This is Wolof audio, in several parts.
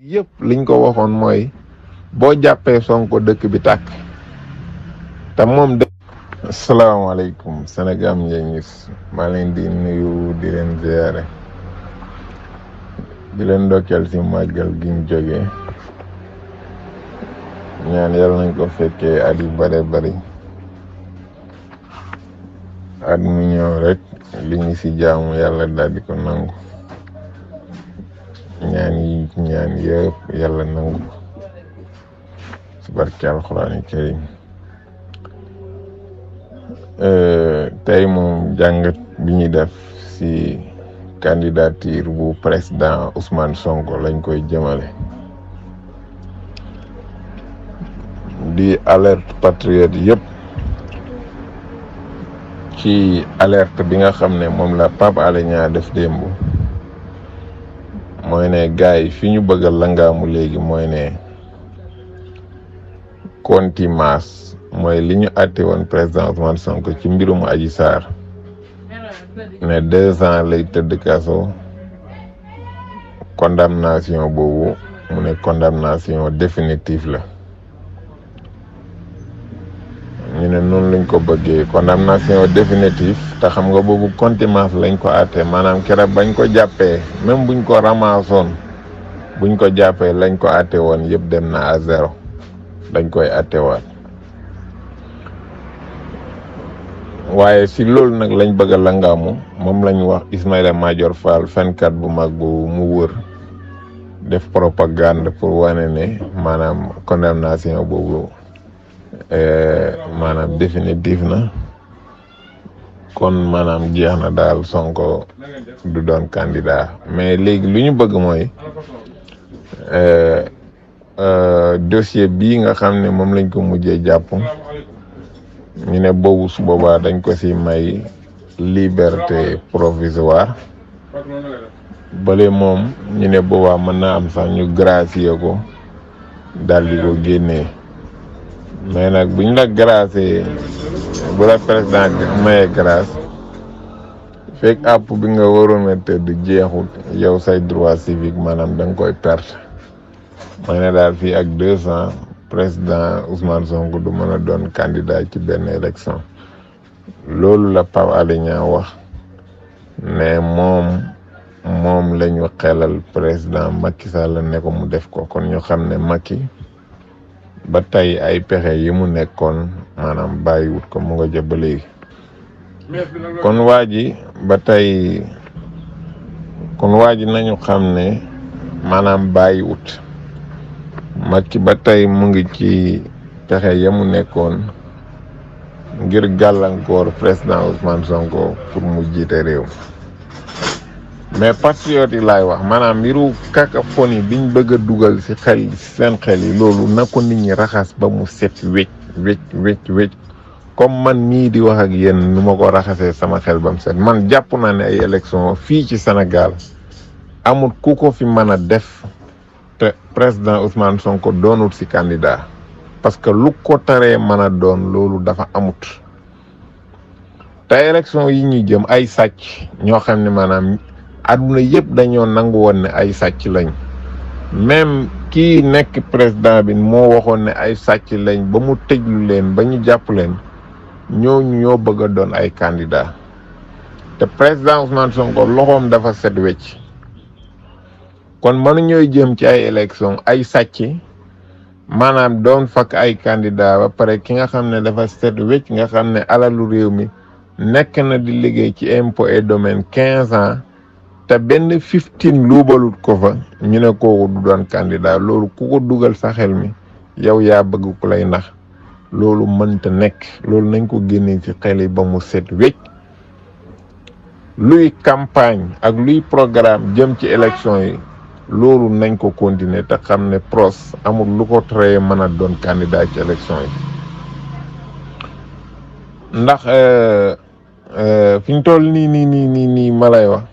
yépp liñ ko waxoon mooy boo jàppee Sonko dëkk bi tàkk te moom dëkk asalaamaaleykum Sénégal ngeen gis maa leen di nuyu di leen ziare di leen ndokkeel ci màggal gi mu ñaan yàlla nañ ko fekkee at yu bare bari at mu ñëw rek li ñu ci jaamu yàlla daal ko nangu ñaan yi ñaan yëpp yàlla nangu ci barke alxuraani karim euh, tey moom jàngat bi ñu def ci candidature bu président Ousmane Sonko lañ koy jëmale di alert patriote yëpp ci alerte bi nga xam ne moom la papale ñaa def démb mooy ne gars yi fi ñu bëgg langaamu léegi mooy ne konti contumace mooy li ñu àtte woon président Ousmane Sonko ci mbirum Adji Sarr ne deux ans lay tëdd kaso condamnation boobu mu ne condamnation définitive la ne noonu lañ ko bëggee condamnation définitive te xam nga boobu contumace lañ ko àtte maanaam keroog bañ ko jàppee même buñ ko ramasoon buñ ko jàppee lañ ko àtte woon yëpp dem na à zéro dañ koy àttewaat waaye si loolu nag lañ bëgg a langaamu moom lañ wax Ismaïla Madior Fall fenkat bu mag bu mu wër def propagande pour wane ne maanaam condamnation boobu Eh, maanaam définitif na kon maanaam jeex na daal Sonko du doon candidat mais léegi lu ñu bëgg mooy eh, eh, dossier bii nga xam ne moom lañ ko mujje jàpp ñu ne boobu su boobaa dañ ko si may liberté provisoire bale moom ñu ne boobaa mën naa am sax ñu gracier ko daal di ko génnee mais nag bu la grâce bu la président mayee grâce fekk àpp bi nga waroon a tëdd jeexul yow say droit civique maanaam da nga koy perte ma ne daal fii ak deux cent président Ousmane Sonko du mën a doon candidat ci benn élection loolu la Pape Alé Niang wax ne moom moom la ñu xelal président Macky Sall ne ko mu def ko kon ñu xam ne maki ba tey ay pexe yi mu nekkoon maanaam bàyyiwut ko mu nga jëm ba léegi kon waa ji ba tey kon waa ji nañu xam ne maanaam bàyyiwut Macky ba tey mu ngi ci pexe yi mu nekkoon ngir gàllankoor président Ousmane Sonko pour mu jiite réew mais patriote yi laay wax maanaam mbiru cacophonie biñ bëgg a dugal ci xel seen xel yi loolu na ko nit ñi raxas ba mu set wécc wécc wécc comme man nii di wax ak yéen nu ma ko raxasee sama xel ba mu set man jàpp naa ne ay élection fii ci senegal amul ku ko fi mën a def te président Ousmane Sonko doonul ci candidat parce que lu ko taree mën a doon loolu dafa amut te élection yi ñuy jëm ay sàcc ñoo xam ne maanaam àdduna yëpp dañoo nanguwoon ne ay sàcc lañ même kii nekk président bi moo waxoon ne ay sàcc lañ ba mu tëjlu leen ba ñu jàpp leen ñooñu ñoo bëgg doon ay candidat te président Ousmane Sonko loxoom dafa set wecc kon mënu ñooy jëm ci ay élection ay sàcc maanaam doon fakk ay candidat ba pare ki nga xam ne dafa set wecc nga xam ne alalu réew mi nekk na di liggéey ci impôt et domaine quinze ans te benn fifteen luubalut ko fa ñu ne kooku du doon candidat loolu ku ko dugal sa xel mi yow yaa bëgg ku lay nax loolu mënta nekk loolu nañ ko génne ci xel yi ba mu set wécc luy campagne ak luy programme jëm ci élection yi loolu nañ ko continuer te xam ne PROS amul lu ko teree mën a doon candidat ci élection yi ndax euh, euh, fi ñu toll nii nii nii nii nii ma wax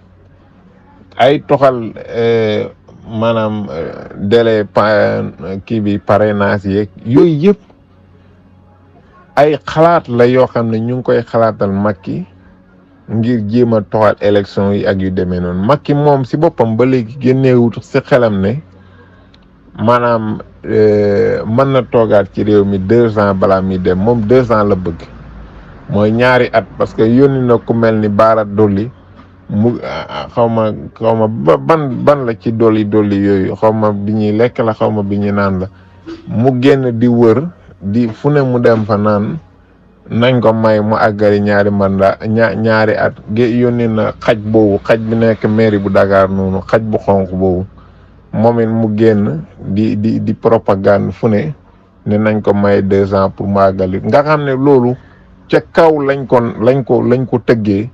ay toxal eh, maanaam eh, délai pa kii bi parrainage yeeg yooyu yëpp ay xalaat la yoo xam ne ñu ngi koy xalaatal mag ki ngir jéem a toxal élection yi ak yu demee noonu mag Macky moom si boppam ba léegi génneewut si xelam ne maanaam eh, mën na toogaat ci réew mi deux ans balaa mi dem moom deux ans la bëgg mooy ñaari at parce que yónni na ku mel ni Bara Dolly mu ah, ah, xawma ma xaw ban la ci dolli dolli yooyu xawma bi ñuy lekk la xaw bi ñuy naan la mu génn di wër di fu ne mu dem fa naan nañ ko may mu àggali ñaari manda ña ñaari at yónnee na xaj boobu xaj bi nekk mairie bu Dakar noonu xaj bu xonq boobu moom it mu génn di di di propagande fu ne ne nañ ko may deux ans pour mu àggali nga xam ne loolu ca kaw lañ ko lañ ko lañ ko tëggee.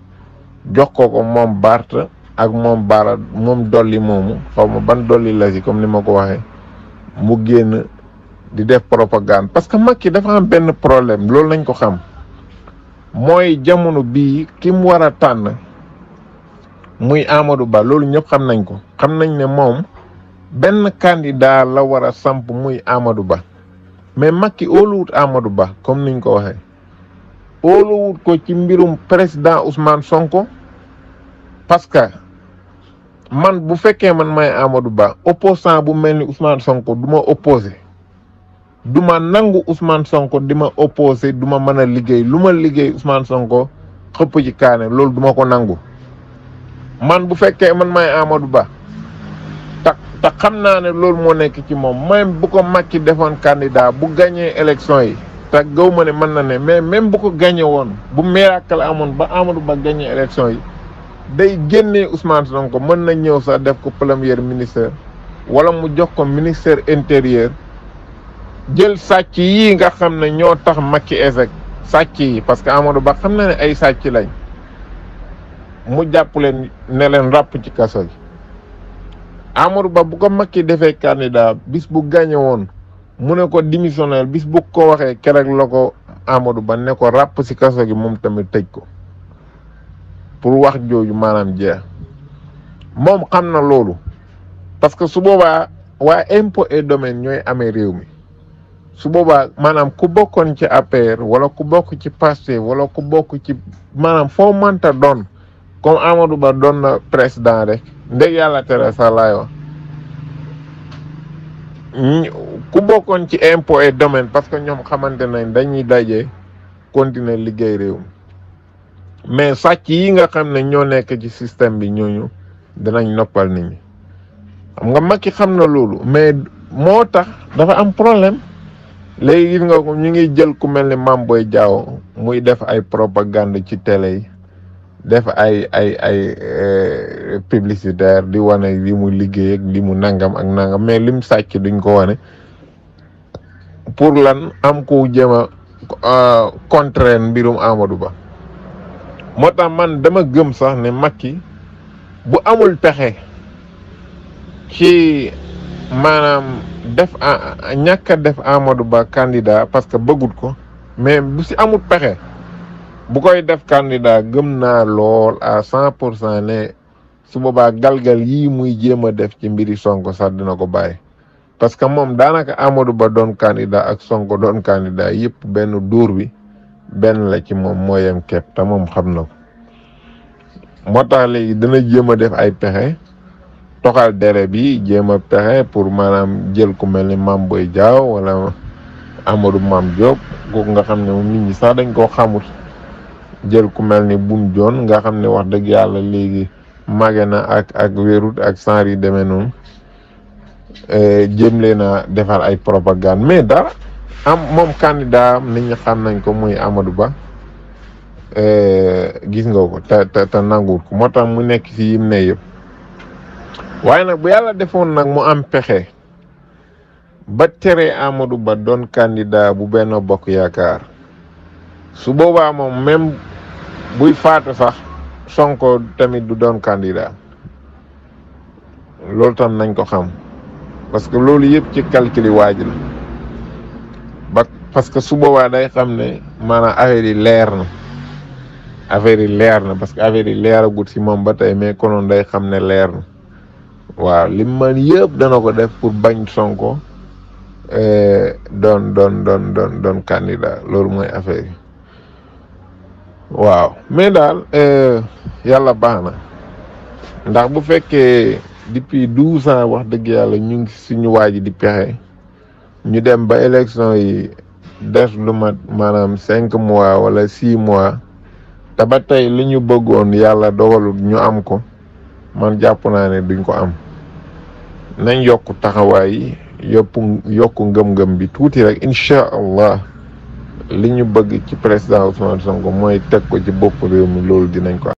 jox ko ko moom Bart ak moom bara moom dolli moomu xaw ma ban dolli la si comme ni ma ko waxee mu génn di def propagande parce que Macky dafa am benn problème loolu lañ ko xam mooy jamono bii ki mu war a tànn muy Amadou Ba loolu ñëpp xam nañ ko xam nañ ne moom benn candidat la war a samp muy Amadou Ba mais mag Macky óoluwut Amadou Ba comme niñ ko waxee. óoluwut ko ci mbirum président Ousmane Sonko parce que man bu fekkee man may Amadou Ba opposant bu mel ni Ousmane Sonko du ma opposé du ma nangu Ousmane Sonko di ma opposé du ma mën a liggéey lu ma liggéey Ousmane Sonko xëpp ci kaane loolu duma ko nangu man bu fekkee man may Amadou Ba ta tax xam naa ne loolu moo nekk ci moom même bu ko Macky defoon candidat bu gagné élection yi te gaw ma ne mën na ne mais même bu ko gagné woon bu miracle amoon ba Amadou Ba gagné élection yi day génnee Ousmane Sonko mën na ñëw sax def ko premier ministre wala mu jox ko ministère intérieur jël sàcc yi nga xam ne ñoo tax Macky échec sàcc yi parce que Amadou Ba xam na ne ay sàcc lañ mu jàpp leen ne leen ràpp ci kaso yi Amadou Ba bu ko Macky defee candidat bis bu gagné woon. mu ne ko démissionnel bis bu ko waxee keroog la ko Amadou Ba ne ko ràpp si kaso gi moom tamit tëj ko pour wax jooju maanaam jeex moom xam na loolu parce que su boobaa waa impôt et domaine ñooy amee réew mi su boobaa maanaam ku bokkoon ci APR wala ku bokk ci Pastef wala ku bokk ci maanaam foo mënta doon comme Amadou Ba doon na président rek ndeg yàlla tere sax laay wax ku bokkoon ci impôt et domaine parce que ñoom xamante nañ dañuy daje continuer liggéey réew mais sàcc yi nga xam ne ñoo nekk ci système bi ñooñu dinañ noppal nit ñi xam nga Macky xam na loolu mais moo tax dafa am problème léegi gis nga ko ñu ngi jël ku mel ni Mame Boye Diao muy def ay propagande ci télé yi def ay ay ay euh, publicitaire di wane li mu liggéey ak li mu nangam ak nangam mais lim sàcc duñ ko wane pour lan am ko jëm a euh, contraindre mbirum Amadou Ba moo tax man dama gëm sax ne Macky bu amul pexe ci maanaam def ñàkk a def Amadou Ba candidat parce que bëggut ko mais bu si amul pexe bu koy def candidat gëm naa lool à cent pour cent ne su boobaa galgal yii muy jéem a def ci mbiri Sonko sax dina ko bàyyi parce que moom daanaka Amadou Ba doon candidat ak Sonko doon candidat yëpp benn duur bi benn la ci moom moo yem kepp te moom xam na ko moo tax léegi dana jéem a def ay pexe toxal dere bi jéem a pexe pour maanaam jël ku mel ni Mame boy Diao wala Amadou mam Diop nga xam ne moom nit ñi sax dañ koo xamut jël ku mel ni Boun Dionne nga xam ne wax dëgg yàlla léegi màgge na ak ak wérut ak sanr yi demee noonu Eh, jéem leen a defar ay propagande mais dara am moom candidat am nit xam nañ ko muy Amadou Ba eh, gis nga ko te te moo tax mu nekk ci yim ne yëpp waaye nag bu yàlla defoon nag mu am pexe ba tere Amadou Ba doon candidat bu benn bokk yaakaar su boobaa moom même buy faatu sax Sonko tamit du doon candidat loolu tam nañ ko xam. parce que loolu yëpp ci calcul waaj la parce que su boobaa day xam ne maanaam affaire yi leer na affaire yi leer na parce que affaire yi leeragut si moom ba tey mais konoon day xam ne leer na waaw li man yëpp dana ko def pour bañ Sonko eh, doon doon doon doon doon candidat loolu mooy affaire yi waaw mais daal eh, yàlla baax na ndax bu fekkee. depuis douze ans wax dëgg yàlla ñu ngi suñu waa ji di pexe ñu dem ba élection yi def lu ma maanaam cinq mois wala six mois te tey li ñu bëggoon yàlla dogalul ñu am ko man jàpp naa ne duñ ko am nañ yokk taxawaay yi yëpp yokk ngëm-ngëm bi tuuti rek incha allah li ñu bëgg ci président Ousmane Sonko mooy teg ko ci bopp réew mi loolu dinañ ko